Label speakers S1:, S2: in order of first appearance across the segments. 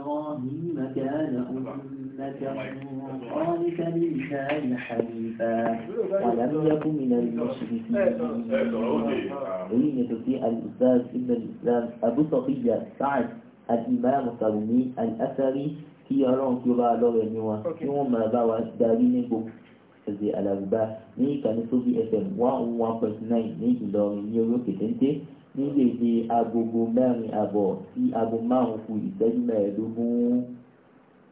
S1: إبراهيم كان أمة خالفة لله حنيفا ولم يكن من المشركين في الأستاذ إن الإسلام أبو صفية سعد الإمام الصالوني الأثري في يرون كبا لغن يوم بوا دارين بوك زي على الباب ني كان صوبي اسم واو واو كنتين ني يوم كتنتي ní dèdè agogo mẹ́rin àbọ̀ sí aago márùn-ún kù ìṣẹ́jú mẹ́ẹ̀ẹ́dógún.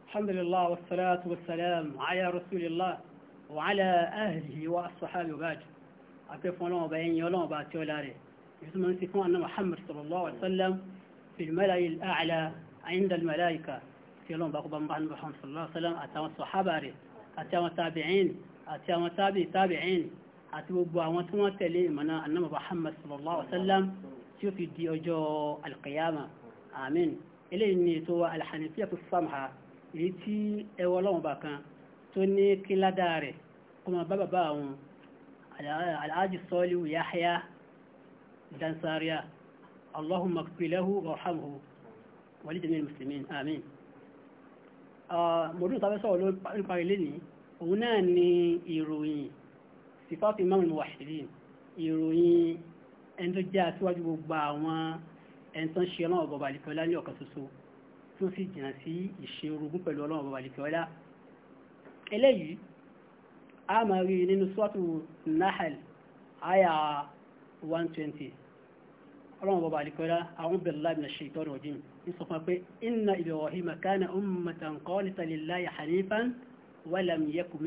S1: alhamdulillah wa salatu wa salam ala rasulillah wa ala ahlihi wa ashabihi wa ba'd àti fún ọlọ́wọ́ bá yẹn ọlọ́wọ́ bá tí ó láre yusuf mọ̀ sí fún anna muhammad sallallahu alaihi wa sallam fi al-mala'i al-a'la inda al-mala'ika tí ọlọ́wọ́ bá kó bá muhammad sallallahu alaihi wa sallam àtàwọn sọ̀hábà rẹ̀ àtàwọn tabi'in àtàwọn tabi'in àti gbogbo àwọn tí wọ́n tẹ̀lé ìmọ̀nà anna muhammad sallallahu alaihi wa tí ó fi di ọjọ́ alkiyama amin eléyìí ni ètò alhanifiya tó sàmà èyí tí ẹwọ ọlọ́run bá kan tó ní kí ládàá rẹ̀ kó máa bá bàbá àwọn alhaji sọ́ọ́lù yahya dansaria allahumma kpilahu warhamhu wàlí jẹ́mi muslimin amin mọ̀dún tàbí sọ̀rọ̀ lórí parí òun náà ni ìròyìn sifat imam al-muwahhidin ìròyìn ẹni tó jẹ́ aṣíwájú gbogbo àwọn ẹni tó ń ṣe ọlọ́run ọba àlìkọ́lá ní ọ̀kan ṣoṣo tó sì jìnnà sí ìṣe orogún pẹ̀lú ọlọ́run ọba àlìkọ́lá eléyìí a máa rí nínú sọ́ọ̀tù nahal aya 120 ọlọ́run ọba àlìkọ́lá àwọn bẹ̀rẹ̀ láàbì náà ṣe ìtọ́rọ̀ ọdún ní sọ fún pé inna Ibrahima kana ummatan qanitan lillahi hanifan wa lam yakun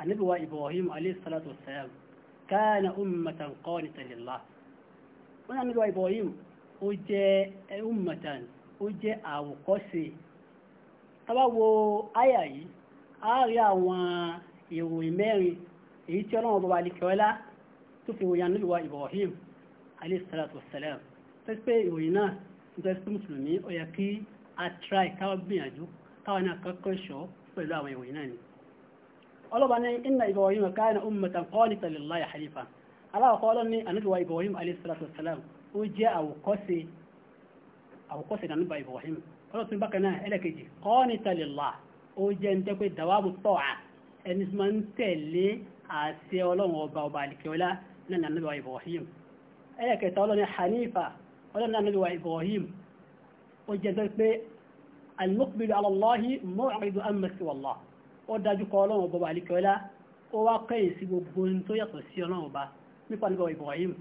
S1: àníbíwá Ibrahim alayhi salatu wassalam kana ummatan qanitan lillah wọ́n náà níbíwá Ibrahim ó jẹ́ ummatan ó jẹ́ àwòkọ́ṣe tàbáwo àyà yìí a rí àwọn ìròyìn mẹ́rin èyí tí ọlọ́run bọba alikẹ́ọ́lá tó fi ròyìn àníbíwá Ibrahim alayhi salatu wassalam pẹ́pẹ́ ìròyìn náà nítorí pé mùsùlùmí ó yẹ kí a try káwọn gbìyànjú káwọn náà kọ́kọ́ ṣọ́ pẹ̀lú àwọn ìròyìn náà ni ọlọ́ba ní inna ibrahim kana ummatan qanitan lillahi hanifa aláwọ̀kọ́ ọlọ́ ní ànúbíwá ibrahim alayhi salatu wassalam ó jẹ́ àwòkọ́ṣe àwòkọ́ṣe ìdánúbà ibrahim ọlọ́ tún bákan náà ẹlẹ́kejì qanitan lillah ó jẹ́ ń tẹ́pẹ́ dawabu ta'a ẹni tí máa ń tẹ̀lé àṣẹ ọlọ́run ọba ọba àlìkẹ́ọ́lá náà ní ànúbíwá ibrahim ẹlẹ́kẹta ọlọ́ ní hanifa ọlọ́ ní ànúbíwá ibrahim ó jẹ́ tẹ́pẹ́ al-muqbilu ala Allahi mu'ridu amma ó dájú kọ ọlọ́run ọba àlíkẹ́ọ́lá ó wá kẹ́yìn sí gbogbo ohun tó yàtọ̀ sí ọlọ́run ọba nípa nípa Ibrahim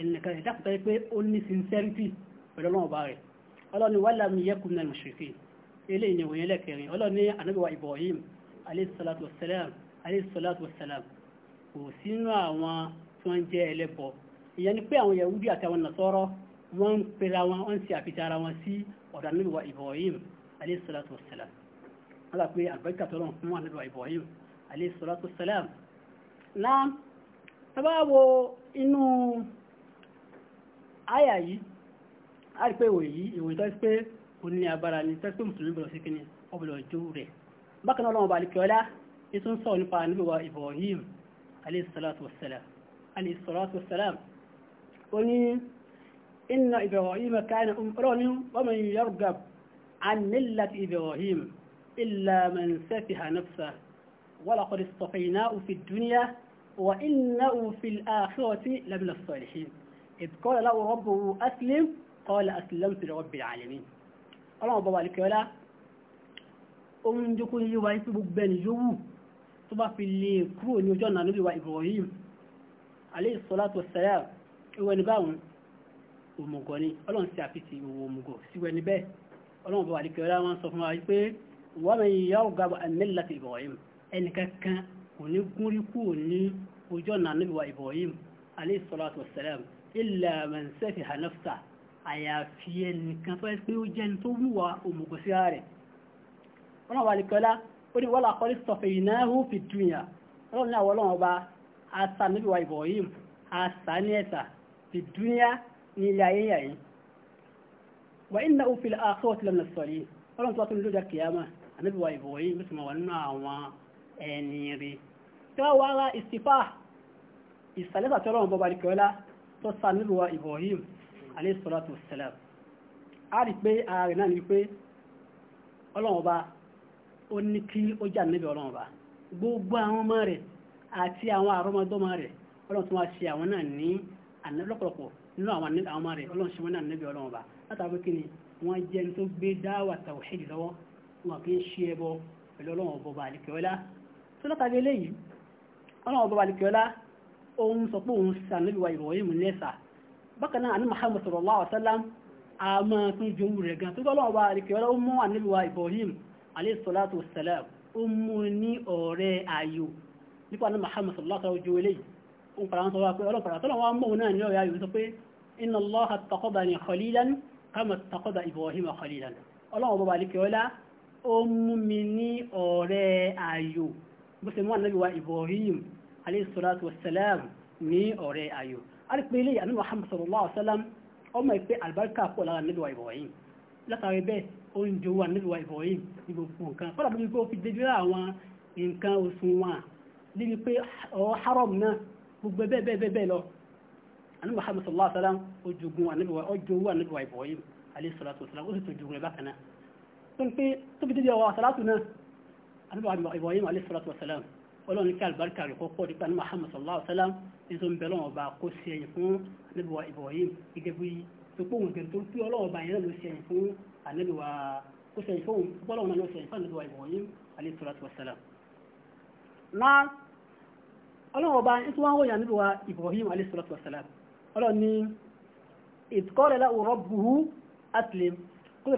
S1: ẹnìkan ẹ̀dá kọ̀tọ́ pé ó ní sincerity pẹ̀lú ọlọ́run ọba rẹ̀ ọlọ́run wà láàmì yẹ́kùn náà mushrikin ilé ìní òyìn lẹ́kẹrin ọlọ́run ní anábíwá Ibrahim alayhi salatu wassalam alayhi salatu wassalam kò sínú àwọn tí wọ́n jẹ́ ẹlẹ́bọ ìyẹn ni pé àwọn Yahudi àtàwọn Nasọ́rọ́ wọ́n ń pera wọn wọ́n ń àfitara wọn sí ọ̀dọ̀ anábíwá Ibrahim alayhi salatu wassalam ala pé àbẹ́kà tọ́lọ̀ fún ànábì Ibrahim alayhi salatu wassalam náà tọ́bá wo inú àyà yìí a rí pé ìwé yìí ìwé tó pé kò ní agbára ní tẹ́sí mùsùlùmí bọ̀rọ̀ sí kíni ọbọ̀lọ̀ ojú rẹ̀ bákan náà lọ́wọ́ balẹ̀ kíọ́lá ní إلا من سفه نفسه ولقد اصطفيناه في الدنيا وإنه في الآخرة لمن الصالحين إذ قال له ربه أسلم قال أسلمت لرب العالمين ọlọ́run bọ̀wà lè kẹ́ọ́lá ó ń jókó yí wa ipú gbogbo ẹni yówù tó bá fi lè kúrò ní ojú ọ̀nà lórí wa Ibrahim alayhi salatu wassalam ìwọ ẹni báwọn òmùgọ̀ ni ọlọ́run sí àfihàn ìwò òmùgọ̀ síwẹ́ níbẹ̀ ọlọ́run bọ̀wà lè kẹ́ọ́lá wọn sọ fún wa pé ومن يرغب عن ملة إبراهيم ẹnì kankan kò ní gúnrí kúrò ní ojú ọ̀nà ànábì wa Ibrahim alayhi salatu wassalam illa man safiha nafsa àyàfi ẹnìkan tó ẹ́ pé ó jẹ́ni tó mú wa òmùgọ̀ sí rẹ̀ wọ́n wà ní kọ́lá ó ní wọ́lá kọ́lí safaynahu fi dunya ọlọ́run ní àwọn ọlọ́run ọba asa ànábì wa Ibrahim asa ní ẹ̀sà fi dunya ní ilé ayé yàyí wa innahu fil akhirati lamina salihin ọlọ́run tó wà tó ń lójà kìyàmá ànábì wa Ibrahim ló sì máa wà nínú àwọn ẹni rí tí wọ́n wá ra ìsìfà ìsàlẹ́sà tí ọlọ́run bọ́ba dìkọ́lá tó sa ànábì wa Ibrahim alayhi salatu wassalam a rí pé ara rẹ̀ náà ni pé ọlọ́run ọba ó ní kí ó jà níbi ọlọ́run ọba gbogbo àwọn ọmọ rẹ̀ àti àwọn àrọ́mọdọ́mọ rẹ̀ ọlọ́run tó wá ṣe àwọn náà ní lọ́pọ̀lọpọ̀ nínú àwọn ọmọ rẹ̀ ọlọ́run ṣe wọn náà níbi ọlọ́run ọba látàrí kí ni wọ́n jẹ́ ní tó gbé dáwà tàwíìdì lọ́wọ́ wọn kì í ṣe ẹbọ pẹ̀lú ọlọ́run ọba àlìkẹ́ọ́lá tó lọ́kàdé eléyìí ọlọ́run ọba àlìkẹ́ọ́lá òun sọ pé òun sàn níbi wa Ibrahim nẹ́sà bákan náà àní Muhammad sallallahu alaihi wasallam a máa pín ju ohun rẹ̀ gan tó lọ́run ọba àlìkẹ́ọ́lá ó mú àníbi wa Ibrahim alayhi salatu wassalam ó mú ní ọ̀rẹ́ ayò nípa ní Muhammad sallallahu alaihi wasallam ojú eléyìí òun ó mú mi ní ọ̀rẹ́ ayò bó ṣe mú ànábì wa Ibrahim alayhi salatu wassalam ní ọ̀rẹ́ ayò alìpé ilé ànábì Muhammad sallallahu alaihi wasallam ọmọ ìpé àlùbáríkà pọ̀ lára ànábì wa Ibrahim látàrí bẹ́ẹ̀ ó ń jowó ànábì wa Ibrahim ní gbogbo nǹkan fọ́nà bí wípé ó fi déjú àwọn nǹkan oṣù wọn níbi pé ọ̀rọ̀ haram náà gbogbo bẹ́ẹ̀ bẹ́ẹ̀ bẹ́ẹ̀ lọ ànábì Muhammad sallallahu alaihi wasallam ó Ibrahim alayhi salatu wassalam ó sì tó jogun ẹ̀ bákan tó ń pé tó fi dídí ọwọ́ àsàlátù náà àbúrò Ibrahim alayhi salatu wasalam ọlọ́run ká àlùbáríkà rẹ̀ kọ́kọ́ nípa ní Muhammad sallallahu alayhi wa sallam ní tó ń bẹ lọ́wọ́ ọba kó sí ẹ̀yìn fún anábìwá Ibrahim gẹ́gẹ́ bí tó pé òun gẹ̀rẹ́ tó pé ọlọ́wọ́ ọba yẹn ló sí ẹ̀yìn fún anábìwá kó sí ẹ̀yìn fún bọ́lọ́wọ́ náà ló sí ẹ̀yìn fún anábìwá Ibrahim alayhi salatu wasalam. na ọlọ́wọ́ ọba ní tó wá ń wọ̀nyí anábìwá Ibrahim alayhi salatu wasalam ọlọ́run ní ìtukọ́rẹ́lá òrọ́bùhù atlim kó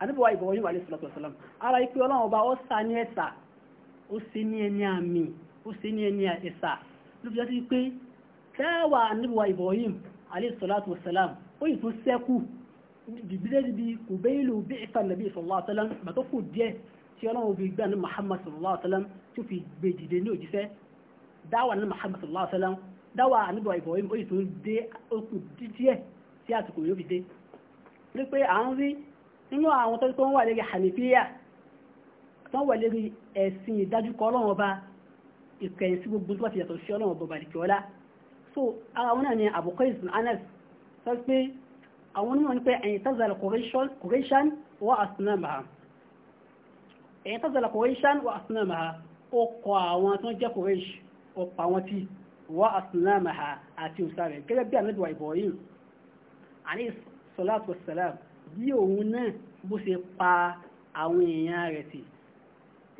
S1: ànábì wa Ibrahim alayhi salatu wa salam ara ikú ọlọ́run ọba ó sa ní ẹ̀sà ó sì ní ẹni àmì ó sì ní ẹni ẹ̀sà ló fi jẹ́ sí pé tẹ́wà ànábì wa Ibrahim alayhi salatu wa salam ó yìí tún sẹ́kù jìbílẹ̀ bíi kò bẹ́ẹ̀ lò bí ìfà nàbí sallallahu alaihi wasallam bàtọ́ kù díẹ̀ tí ọlọ́run fi gbé àní Muhammad sallallahu alaihi wasallam tó fi gbé dìde ní òjíṣẹ́ dáwà àní Muhammad sallallahu alaihi wasallam dáwà wa Ibrahim ó yìí tún dé ó kù díẹ̀ tí àtùkù fi dé pé à ń rí nínú àwọn tó wà lérí hànífíyà tó wà lérí ẹ̀sìn ìdájúkọ ọlọ́run ọba ìkẹyìn sí gbogbo tó wà fi yàtọ̀ sí ọlọ́run ọba balikiola so ara wọn náà ni Abu Qais bin Anas sọ pé àwọn onímọ̀ ní pé ẹ̀yìn tazala Qurayshan wa asnamaha ẹ̀yìn tazala Qurayshan wa asnamaha ó kọ àwọn tó jẹ́ Quraysh ó pa tí wa asnamaha àti òsàrẹ̀ gẹ́gẹ́ bí àmì bí òun náà bó ṣe pa àwọn èèyàn rẹ̀ tì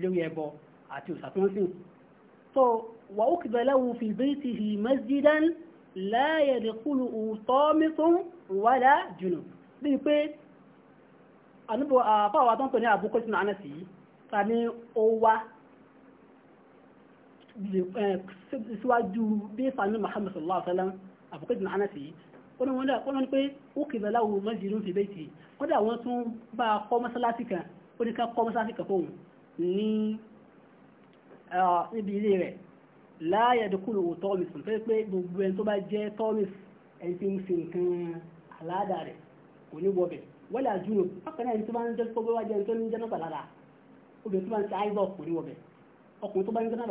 S1: lórí ẹbọ àti òṣàtúnṣìn tó wà ó kìdọ̀ lẹ́wọ̀n fi baytihi masjidan la yadkhuluhu tamitun wala junub bí pé ànúbò àfáwà tó ń pè ní àbúkọ sínú ànásì ta ni ó wá síwájú bí fanu muhammadu sallallahu alaihi wa sallam sínú ànásì yìí wọ́n wọ́n dáa wọ́n pé ó kìlọ̀ láwùú mọ́sídìrún fi bẹ́ẹ̀ tì kódà wọ́n tún bá a kọ́ mọ́sálásí kan ó ní ká kọ́ mọ́sálásí kan fóun ní ibi ilé rẹ̀ láàyè dùkúlù ò tọ́mìs tó yẹ pé gbogbo ẹni tó bá jẹ́ tọ́mìs ẹni tí ń fi nǹkan aláàdá rẹ̀ kò ní wọbẹ̀ wọ́lẹ̀ àjúrò bákan ẹni tó bá ń jẹ́ tó bá wá jẹ́ tó ní jẹ́ náà obìnrin tó bá ń ṣe àìbọ̀ kò ní wọbẹ̀ ọkùnrin tó bá ń jẹ́ náà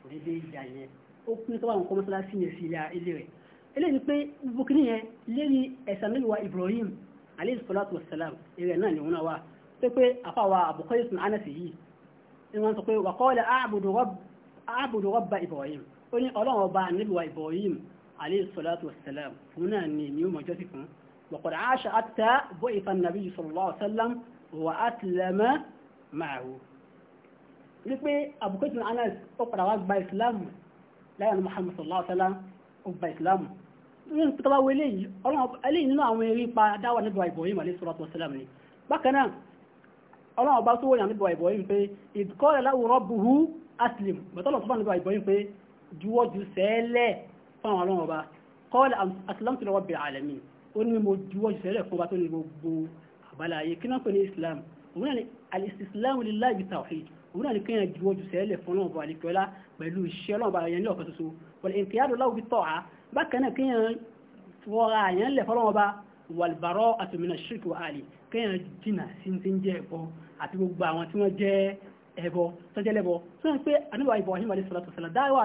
S1: kò ní bọ̀rẹ̀ ó pín tó wà nǹkan mọ́sálásí yẹn sí ilé rẹ̀ eléyìí pé bukini yẹn lérí ẹ̀sán lórí wa Ibrahim alayhi salatu wassalam eré náà ni òun náà wà pé pé àfàwà àbùkọ́ yìí sùn ánàsì yìí ni wọ́n sọ pé wa qala a'budu rabba Ibrahim ó ní ọlọ́run ọba níbi wa Ibrahim alayhi salatu wassalam náà ni mi ò mọ̀jọ́ sí fún وقد عاش حتى بعث النبي صلى الله عليه وسلم وأسلم معه. ní pé àbùkọ́ yìí sùn ánàsì ó padà wá gba ìsìlámù láyà ní Muhammad sallallahu alaihi wa sallam ọba ìsìlámù ní pẹ̀tàbá wo eléyìí ọlọ́run eléyìí nínú àwọn eré pa dáwà níbọ̀ Ibrahim alayhi salatu wa sallam ni bákan náà ọlọ́run ọba tó wọ̀nyà níbọ̀ Ibrahim pé ìdíkọ́ rẹ̀ láwùrọ̀ buhu aslim bẹ̀tọ́ lọ sọ́bà níbọ̀ Ibrahim pé juwọ́ ju sẹ́lẹ̀ fún àwọn ọlọ́run ọba kọ́ọ̀lẹ̀ aslamtu li rabbil alamin òun náà ní kéèyàn ju ojú sẹ́lẹ̀ fún ọlọ́run bọ̀ àlekọ́lá pẹ̀lú iṣẹ́ ọlọ́run bọ̀ àyàn ní ọ̀kan ṣoṣo wọ̀lẹ̀ ìkìyàdó láwù bí tọ̀ha bákan náà kéèyàn fọra àyàn lẹ̀ fọlọ́run bá wàlbàrọ̀ àtòmínà ṣírkì wà áàlì kéèyàn jìnà sí ti ń jẹ́ ẹ̀bọ àti gbogbo àwọn tí wọ́n jẹ́ ẹ̀bọ tọ́jẹ́ lẹ́bọ tó ń pé anábà Ibrahim alayhisalaam dáwà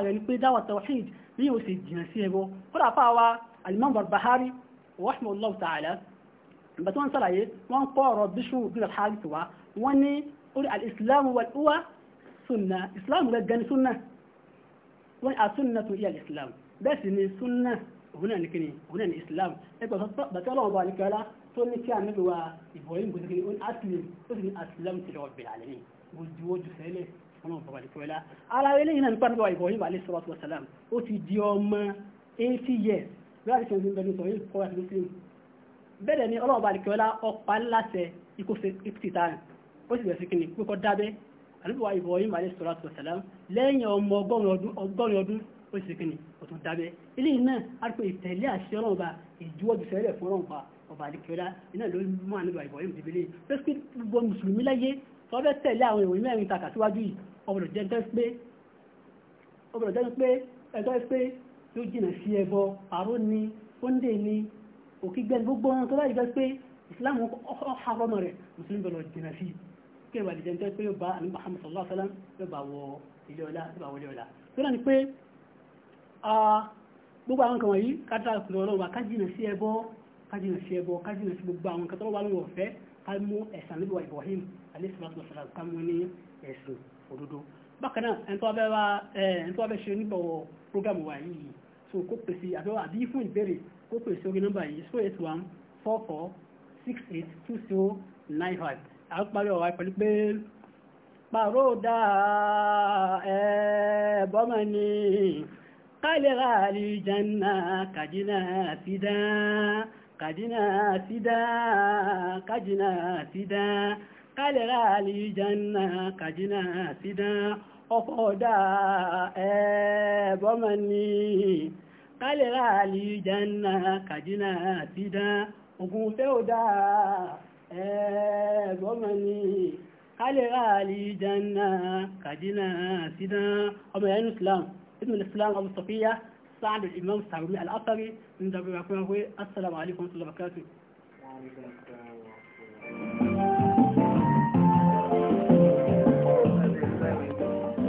S1: ta'ala ìgbà tí wọ́n ń sàlàyé wọ́n ń kọ́ ọ̀rọ̀ bíṣù bí lọ́ọ́ hàlì tiwa wọ́n ní orí alìsílámù wà lúwa sunna ìsìlámù rẹ̀ gani sunna wọ́n ní àsunna tó yẹ alìsílámù bẹ́ẹ̀ sì ni sunna òun náà ní kíni òun náà ní ìsìlámù ẹgbẹ́ bàtí ọlọ́run bá nìkan lá tó ní kí àmì wa ìbọ̀yìn gbèsè kíni òun aslim ó sì ní aslam ti lọ́wọ́ bẹ̀rẹ̀ àlẹ́ ní ojú ojú sẹ́lẹ̀ ọlọ́run bá nìkan lá ara eléyìí náà nípa nípa ìbọ̀yìn bá lè sọ́wọ́ sọ́wọ́ sàlám ó ti di ọmọ eighty years bí wàá di sẹ́yìn bẹ́ẹ̀ ní sọ̀rọ̀ yìí kọ́ bẹ́ẹ̀ ni ọlọ́ọ̀bà àdìkẹ́wọ́lá ọ̀pá láṣẹ ikú ìpìtà rẹ̀ ó sì bẹ̀rẹ̀ sí kìnnì pé kọ́ dábẹ́ àdúgbò Ibrahim alayhi salatu wa salam lẹ́yìn ọmọ ọgọ́rin ọdún ó sì kìnnì ó tún dábẹ́ ilé iná àdúgbò ìtẹ̀lé àṣẹ ọlọ́ọ̀bà ìjúwọ́jú sẹ́lẹ̀ fún ọlọ́ọ̀bà ọba àdìkẹ́wọ́lá iná ló mú àdúgbò Ibrahim bíbélé pẹ́sìkì gbogbo mùsùlùmí láyé tọ́bẹ́ tẹ̀lé àwọn ìwé mẹ́rin takà síwájú yìí ọbọ̀dọ̀ jẹ́ òkè gbẹ́ni gbogbo ohun tó bá yìí pé islam ọ̀hárọ́mọ̀ rẹ̀ mùsùlùmí bẹ̀rẹ̀ jìnà sí kí ẹ̀wà dìjẹ́ nítorí pé yóò bá àmì muhammad sallallahu alaihi wasallam yóò bá wọ ilé ọlá yóò bá wọlé ọlá tó náà ni pé gbogbo àwọn kan wọ̀nyí kátà kùnà ọlọ́run wa kájìnà sí ẹbọ kájìnà sí ẹbọ kájìnà sí gbogbo àwọn kan tó wà lóun ọ̀fẹ́ ká mú ẹ̀sán níbi wa ibrahim alayhi salatu wasalam ká mú ní ẹ̀sìn òdodo bákan náà ẹni tó wá bẹ́ ṣe nígbà wọ program wa yìí so kó pèsè àbí fún ìbéèrè kó pè sórí nọ́mbà yìí zero eight one four four six eight two zero nine five a parí ọ̀rọ̀ pẹ̀lú pé pàrọ̀dà ẹ̀ẹ́bọ́mọ ni kálẹ̀rà àlìjánà kàdínà fídá kàdínà fídá kàdínà fídá kálẹ̀rà àlìjánà kàdínà fídá ọkọ̀ ọ̀dà ẹ̀ẹ́bọ́mọ ni kálẹ̀rà kálẹ̀rá àlìjánà kàdínà àtidá ògùn fẹ́ ò dáa ẹ̀ẹ́gbọ́mọ ni kálẹ̀rá àlìjánà kàdínà àtidá ọmọ ẹ̀yẹn islam ibn islam abu sofiya sa'ad imam sa'ad al-asari ń dábìrà fún wa assalamu alaikum wa rahmatullahi wa barakatuh